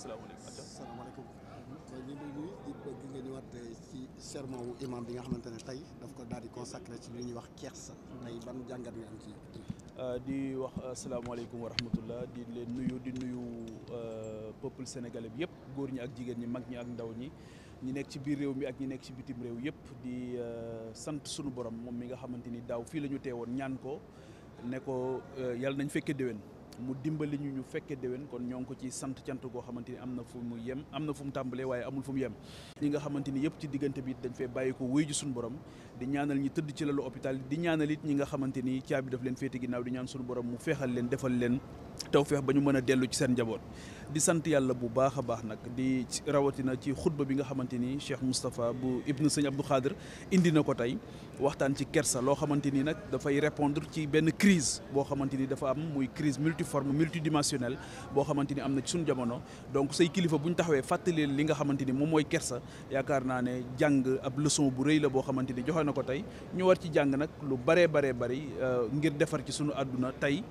salaamaaleykum ati. salaamaaleykum. tey ñu nga ñëwaat eh, ci sermon wu bi nga xamante ne tey daf ko daal di consacré ci li ñuy wax keex kersa. tey ban jàngat nga am ci. Euh, di wax euh, salaamaaleykum wa rahmatullah di leen nuyu di nuyu euh, peuple sénégalais bi yëpp góor ñi ak jigéen ñi mag ñi ak ndaw ñi. ñi nekk ci biir réew mi ak ñi nekk ci bitim réew yëpp di sant sunu borom moom mi nga xamante ni daaw fii la ñu teewoon ñaan ko ne ko yàlla nañ fekke déwén. mu dimbali ñu ñu fekkee déwén kon ñoo ko ci sant cant goo xamante ni am na fu mu yem am na fu mu tàmbalee waaye amul fu mu yem ñi nga xamante ni yëpp ci diggante bi dañ fee bàyyi ko wéy ji suñu borom di ñaanal ñi tëdd ci lalu hôpital di ñaanal it ñi nga xamante ni caabi daf leen féete ginnaaw di ñaan suñu borom mu feexal leen defal leen tawfeex ba ñu mën a dellu ci seen njaboot di sant yàlla bu baax a baax nag di rawatina ci xutba bi nga xamante ni Cheikh Moustapha bu ibnu sëñ Abdou Khadir indi na ko tey waxtaan ci kersa loo xamante ni nag dafay répondre ci benn crise boo xamante ni dafa am muy crise multiforme multidimensionnelle boo xamante ni am na ci suñu jamono donc say kilifa bu ñu taxawee fàttali li nga xamante ni moom mooy kersa yaakaar naa ne jàng ab leçon bu rëy la boo xamante ni joxe na ko tey ñu war ci jàng nag lu baree baree bari euh, ngir defar ci suñu àdduna tey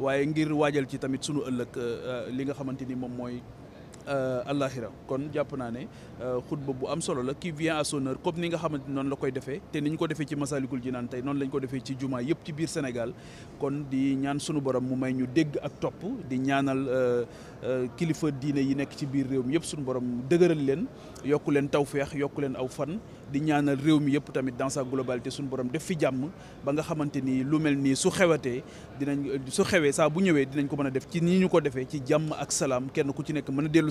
waaye ngir waajal ci tamit sunu ëllëg euh, li nga xamante ni moom mooy Euh, àllaaxira kon jàpp naa ne euh, xutba bu am solo la qui vient à son comme ni nga xamante noonu la koy defee te ni ñu ko defee ci Masalikul Jinaan tey noonu lañ ko defee ci jumaa yëpp ci biir Sénégal kon di ñaan sunu borom mu may ñu dégg ak topp di ñaanal euh, kilifa diine yi nekk ci biir réew mi yëpp sunu borom dëgëral leen yokku leen tawféex yokku leen aw fan di ñaanal réew mi yëpp tamit dans sa globalité sunu borom def fi jàmm ba nga xamante ni lu mel nii su xewatee dinañ su xewee saa bu ñëwee dinañ ko mën def ci nii ñu ko defee ci jàmm ak salaam kenn ku ci nekk mën a dellu